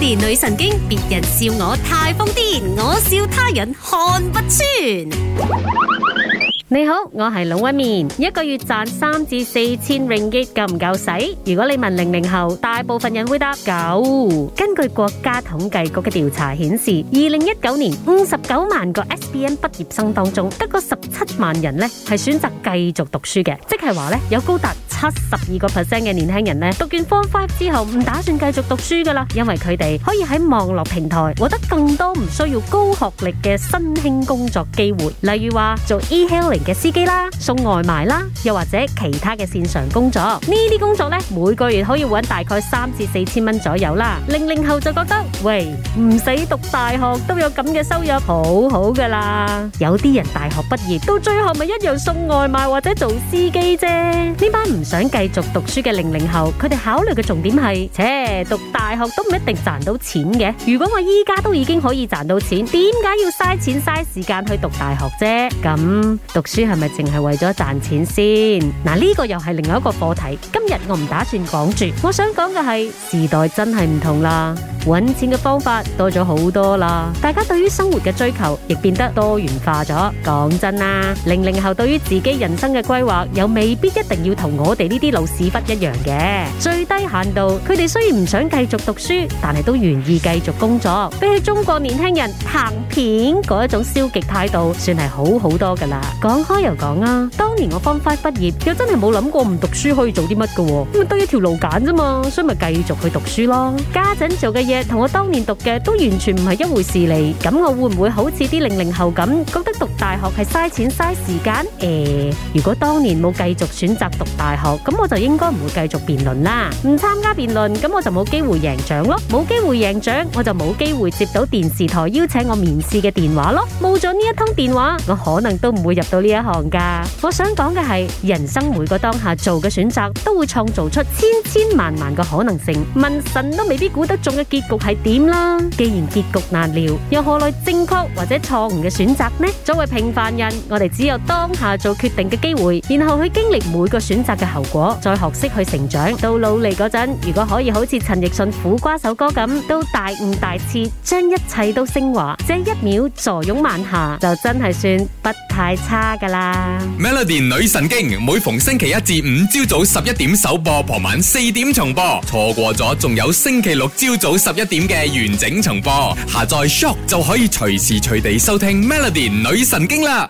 連女神經，別人笑我太瘋癲，我笑他人看不穿。你好，我係龍紋敏，一個月賺三至四千 ringgit 夠唔夠使？如果你問零零後，大部分人會答夠。根據國家統計局嘅調查顯示，二零一九年五十九萬個 S B N 畢業生當中，得個十七萬人呢係選擇繼續讀書嘅，即係話呢有高達。十二個 percent 嘅年輕人咧，讀完方 five 之後唔打算繼續讀書噶啦，因為佢哋可以喺網絡平台獲得更多唔需要高學歷嘅新興工作機會，例如話做 e-hailing 嘅司機啦，送外賣啦，又或者其他嘅線上工作。呢啲工作咧，每個月可以搵大概三至四千蚊左右啦。零零後就覺得喂，唔使讀大學都有咁嘅收入，好好噶啦。有啲人大學畢業到最後咪一樣送外賣或者做司機啫，呢班唔想繼續讀書嘅零零後，佢哋考慮嘅重點係，切，讀大學都唔一定賺到錢嘅。如果我依家都已經可以賺到錢，點解要嘥錢嘥時間去讀大學啫？咁讀書係咪淨係為咗賺錢先？嗱，呢個又係另外一個課題。今日我唔打算講住，我想講嘅係時代真係唔同啦，揾錢嘅方法多咗好多啦。大家對於生活嘅追求亦變得多元化咗。講真啦，零零後對於自己人生嘅規劃又未必一定要同我。哋呢啲老屎忽一樣嘅。最低限度佢哋雖然唔想繼續讀書，但係都願意繼續工作，比起中國年輕人拍片嗰一種消極態度，算係好好多噶啦講開又講啊，當年我方塊畢業，又真係冇諗過唔讀書可以做啲乜嘅，咁啊，得一條路揀啫嘛，所以咪繼續去讀書咯。家陣做嘅嘢同我當年讀嘅都完全唔係一回事嚟，咁我會唔會好似啲零零後咁覺得讀大學係嘥錢嘥時間？誒，如果當年冇繼續選擇讀大學，咁我就應該唔會繼續辯論啦。唔參加辯論，咁我就冇機會贏獎咯。冇機會贏獎我就冇機會接到電視台邀請我面試嘅電話咯。冇咗呢一通電話，我可能都唔會入到呢一行噶。我想講嘅係，人生每個當下做嘅選擇都會創造出千千萬萬個可能性。問神都未必估得中嘅結局係點啦。既然結局難料，又何來正確或者錯誤嘅選擇呢？作為平凡人，我哋只有當下做決定嘅機會，然後去經歷每個選擇嘅後。如果再學識去成長，到老嚟嗰陣，如果可以好似陳奕迅苦瓜首歌咁，都大悟大徹，將一切都升華，這一秒坐擁晚霞，就真係算不太差噶啦。Melody 女神經每逢星期一至五朝早十一點首播，傍晚四點重播，錯過咗仲有星期六朝早十一點嘅完整重播。下載 shop 就可以隨時隨地收聽 Melody 女神經啦。